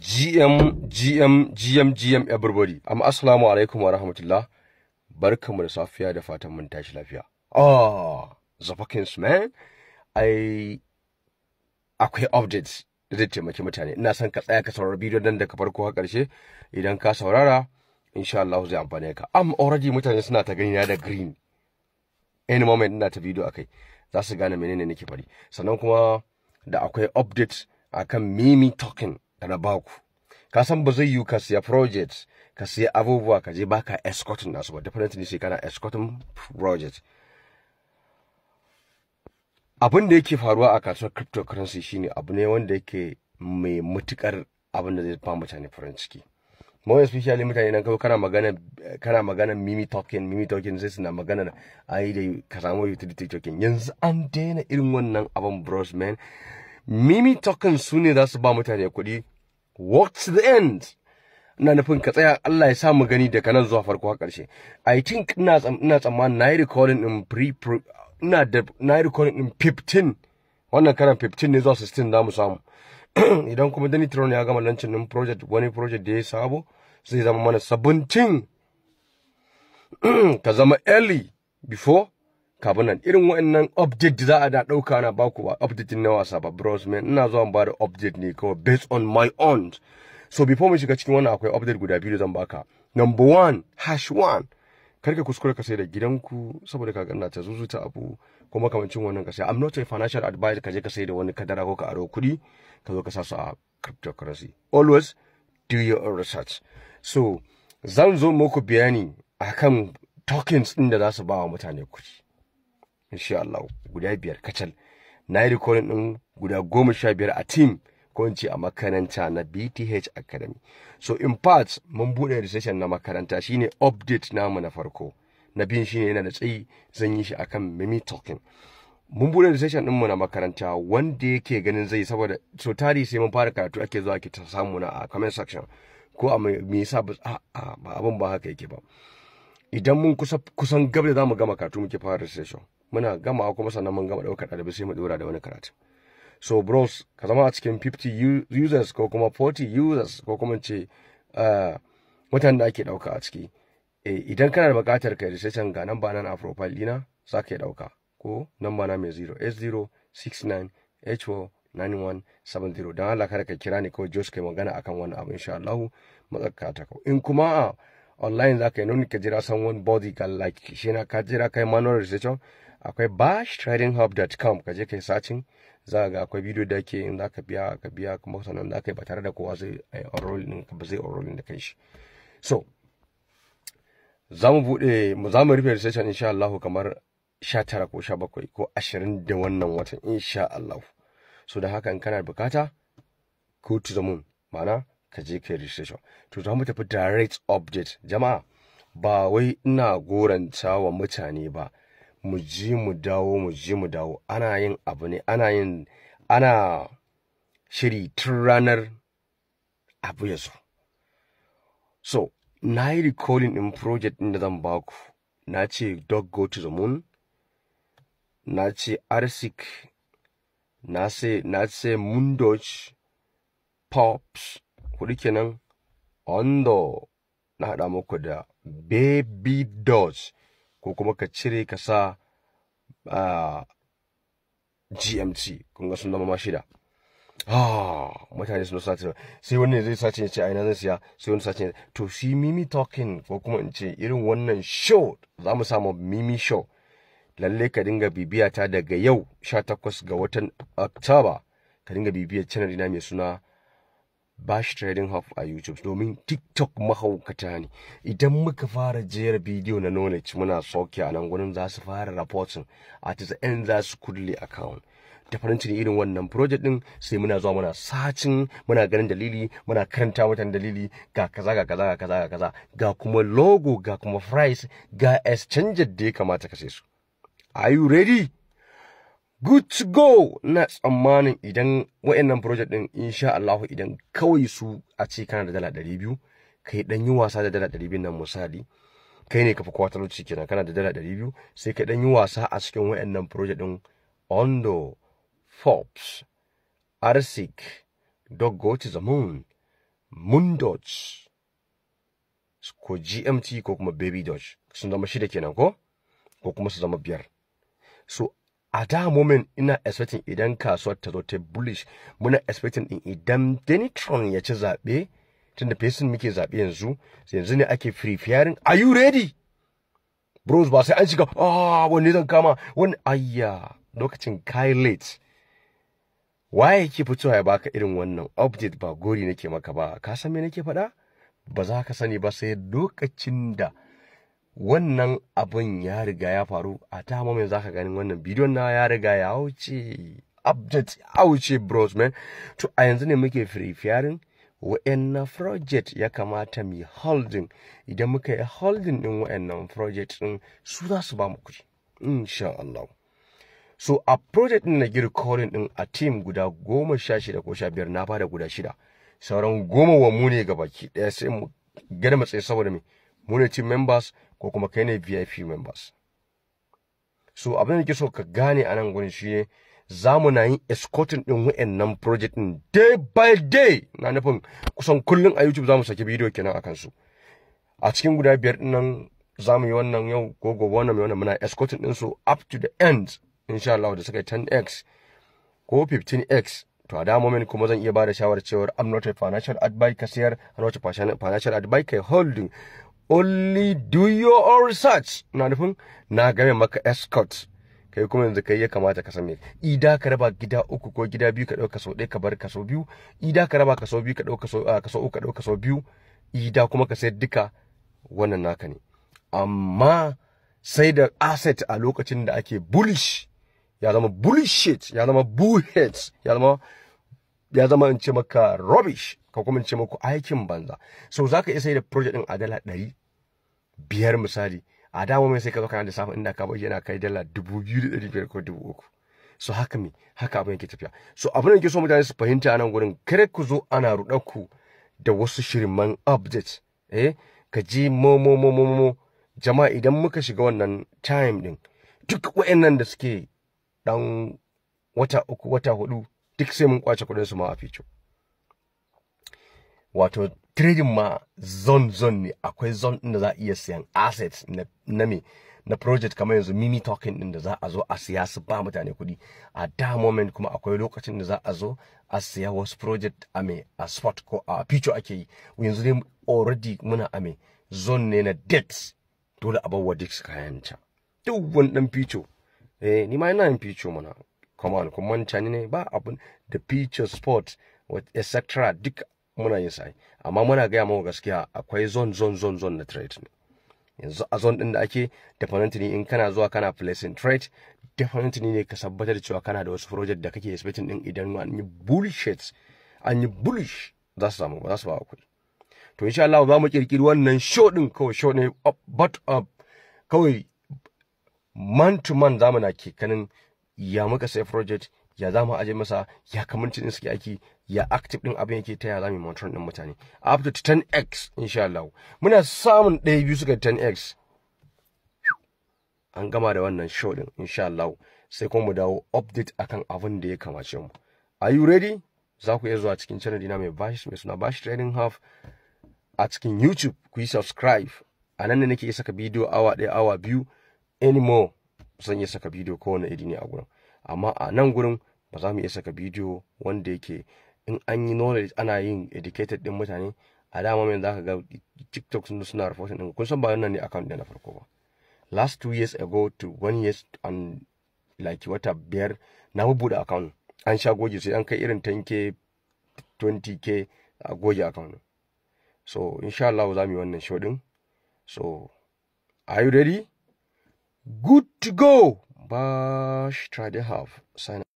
GM GM GM GM everybody. am assalamu alaikum wa rahmatullah. Barkamu da safiya da fatan mun tashi lafiya. Oh, ah, the fucking man. I akwai updates da zai taimaki mutane. Ina son ka tsaya ka saurari bidiyo nan daga farko har ƙarshe idan ka saurara insha Allah zai amfane ka. Am already mutane suna ta gani na da green. Any moment ina ta bidiyo akai. Za su gane menene nake fari. Sannan kuma da akwai updates akan Mimi talking. na baku ka san ba zai yiwu ka siya project ka siya abubuwa ka je baka escorting nasu ba definitely sai kana escorting project abin da yake faruwa a kasuwar cryptocurrency shine abu ne wanda yake mai mutukar abin da zai fa mutane farin ciki more especially mutane nan kawai kana magana kana magana mimi token mimi token zai suna magana ai da ka samu utility token yanzu an daina irin wannan abin bros man mimi token su ne za su ba mutane kuɗi What's the end ina nufin ka tsaya Allah ya sa mu gani daga nan zuwa farko har ƙarshe i think ina tsammanin na yi recording in pre ina da na yi recording in wannan karan ne zuwa za mu samu idan kuma Danny Tron ya gama lancin din project wani project da ya sabo zai zama mana 17 ka zama early before kabinan irin wa'annan update za a da dauka na baku ba update na wasa ba bros man ina zuwa ba da update ne ko based on my own so before mu shiga cikin wannan akwai update guda biyu zan baka number one hash one kar ka kuskure ka sai da gidanku saboda ka ganna ta zuzuta abu ko cin wannan ka sai I'm not a financial advisor ka je ka sai da wani kadara ko ka aro kuɗi ka zo ka sa su a cryptocurrency always do your own research so zan zo muku bayani akan tokens din da za su ba wa mutane kuɗi insha Allah guda biyar kacal na yi recording din guda goma sha biyar a tim ko in ce a makaranta na BTH Academy so in part mun bude recession na makaranta shine update namu na farko na biyun shine yana da tsayi zan yi shi akan mimi talking mun bude recession din mu na makaranta wanda yake ganin zai saboda so tari sai mun fara karatu ake zuwa ake ta samu na a comment section ko a me yasa ba abin ba haka yake ba idan mun kusan gab da mu gama karatu muke fara session muna gamawa kuma sannan mun gama daukar ɗalibai sai mu dora da wani karatu so bros ka zama a cikin 50 users ko kuma 40 users ko kuma ce ah, mutanen da ake ɗauka a ciki eh, idan kana da bukatar ka registration ga namba nan a profile dina za ka dauka ko namba na mai S 08069 9170 don Allah kada ka kira ni ko Jos kai magana akan wannan abin insha Allah matsaka ta in kuma a ah, online za ka yi nuni ka jira wani body ka like shi na ka jira kai manual research akwai bash ka je kai sacin za ga akwai video da ke in za ka biya ka biya kuma sannan za ka yi ba tare da kowa zai eh, enroll din ka ba zai enroll da kai shi so za mu bude za mu rufe registration insha Allah kamar 19 ko 17 ko 20 da wannan watan insha Allah so da haka in kana bukata ko to the moon ma'ana ka je kai registration to za mu tafi direct object jama'a ba wai ina goranta wa mutane ba mu ji mu dawo mu ji mu dawo ana yin abu ne ana yin ana shiri tun ranar abu ya zo so na yi recalling in project ɗin da zan baku na ce dog go to the moon na ce arsic na ce mundoch pops kuɗi kenan ondo na haɗa muku da baby dodge ko kuma ka cire ka sa uh, gmt kun ga sun zama ma shida ah mutane sun sace sai wani zai sace ce aina zan siya sai wani sace to shi mimi talking ko kuma in ce irin wannan show za mu samu mimi show lalle ka dinga bibiya ta daga yau 18 ga watan oktoba ka dinga bibiyar channel na mai suna ba shi trading hub a YouTube domin TikTok mahaukata ne idan muka fara jera bidiyo na knowledge muna soke a nan gurin za su fara reporting a ta end za su kulle account da farin irin wannan project din sai muna zuwa muna sacin muna ganin dalili muna karanta watan dalili ga kaza ga kaza ga kaza ga kaza ga kuma logo ga kuma price ga exchange da ya kamata ka sai su are you good to go na tsammanin idan wa'annan project din insha Allah idan kawai su a ce kana da dala 200 kai dan yi wasa da dala 200 nan misali kai ne ka fi kwatar ci kenan kana da dala 200 sai kai dan yi wasa a cikin wa'annan project din Ondo Forbes Arsic Go to the Moon ko GMT ko kuma Baby Dodge sun zama shida kenan ko ko kuma su zama biyar so a da moment ina expecting idan kasuwar ta zo ta bullish muna expecting din idan denitron ya ci zaɓe tunda fesin muke zaɓe yanzu yanzu ne ake preparing are you ready bros ba sai an shiga ah wani zan kama wani ayya lokacin kai late waye yake fitowa ya baka irin wannan update ba gori nake maka ba ka san me nake faɗa ba za ka sani ba sai lokacin da wannan abin ya riga ya faru a ta mamaye za ka gani wannan bidiyon na ya riga ya wuce update ya wuce bros man to a yanzu ne muke firfiyarin wa'annan project ya kamata mu holding idan muka yi holding din wa'annan project din su za su ba mu kuɗi insha Allah so a project din na recording din a team guda goma sha shida ko sha biyar na bada guda shida sauran goma wa mu ne gabaki ɗaya sai mu gada matsayi saboda mu ne team members ko kuma kai ne vip members so abin da nake so ka gane a nan gurin shi ne za mu na yin escorting din wayannan project din day by day na nufin kusan kullum a youtube za mu saki bidiyo kenan akan su a cikin guda biyar din nan za mu yi wannan yau ko gobe wannan mai wannan muna escorting din su up to the end insha Allah da suka yi 10x ko 15x to a da moment kuma zan iya bada shawarar cewa I'm not a financial advisor kasiyar I'm not a financial advisor holding only do your own research na nufin na game maka escort kai kuma yanzu kai ya kamata ka sani ida ka raba gida uku ko gida biyu ka dauka sau ɗaya ka bar kaso biyu ida ka raba kaso biyu ka dauka sau ah, kaso uku ka dauka sau biyu ida kuma ka sayar duka wannan naka ne amma sai da asset a lokacin da ake bullish ya zama bullshit ya zama bullshit ya zama ya zama in ce maka rubbish ka kuma in ce maka aikin banza so zaka iya sai da project din a dala ɗari biyar misali a dama mai sai ka zo kana da safin inda ka bai yana kai dala dubu biyu da ɗari biyar ko dubu uku so haka mi haka abin yake tafiya so abin da yake so mutane su fahimta a nan gurin kare ku zo ana ruɗa ku da wasu shirman update eh ka je mo mo mo jama'a idan muka shiga wannan time din duk wa'annan da suke dan wata uku wata hudu duk sai mun kwace kudin su ma a fico wato trading ma zone zone ne akwai zone ɗin da za a iya siyan assets na me na project kamar yanzu mimi talking din da za a zo a siya su ba mutane kuɗi a da moment kuma akwai lokacin da za a zo a siya wasu project a me a spot ko a picture ake yi yanzu dai already muna a me zone ne na debt dole a bawa dix kayan can duk wani dan eh ni ma ina yin picture mana come on kun manta ne ba abun da spot sport etc duk muna yin sa amma muna gaya mawa gaskiya akwai zone zone zone zone na trade ne yanzu a zone din da ake definitely in kana zuwa kana placing trade definitely ne ka tabbatar cewa kana da wasu project da kake expecting din idan an yi bullshit an yi bullish za su samu za su ba kuɗi to insha Allah za mu kirkiri wannan show din kawai show ne but up kawai man to man zamu na kekanin ya muka sai project ya za mu aje masa ya kamanci din suke aiki ya active din abin yake ta ya za mu din mutane up to 10x insha Allah muna samun ɗaya biyu suka 10x an gama da wannan show din insha Allah sai kuma mu dawo update akan abin da ya kamace mu are you ready za ku iya zuwa cikin channel dina mai bashi mai suna bashi trading half a cikin YouTube ku yi subscribe a nan ne nake iya saka bidiyo awa ɗaya awa biyu more zan iya saka bidiyo kowane iri ne a gurin amma a nan gurin ba za mu iya saka bidiyo wanda yake in an yi knowledge ana yin educated din mutane a dama mai za ka ga tiktok sun suna reporting din kun san ba nan ne account din na farko ba last two years ago to one years and like wata biyar na buɗe account an sha goge sai an kai irin 10k 20k a goge account so insha Allah za mu yi wannan show din so are you ready good to go bash try to have sign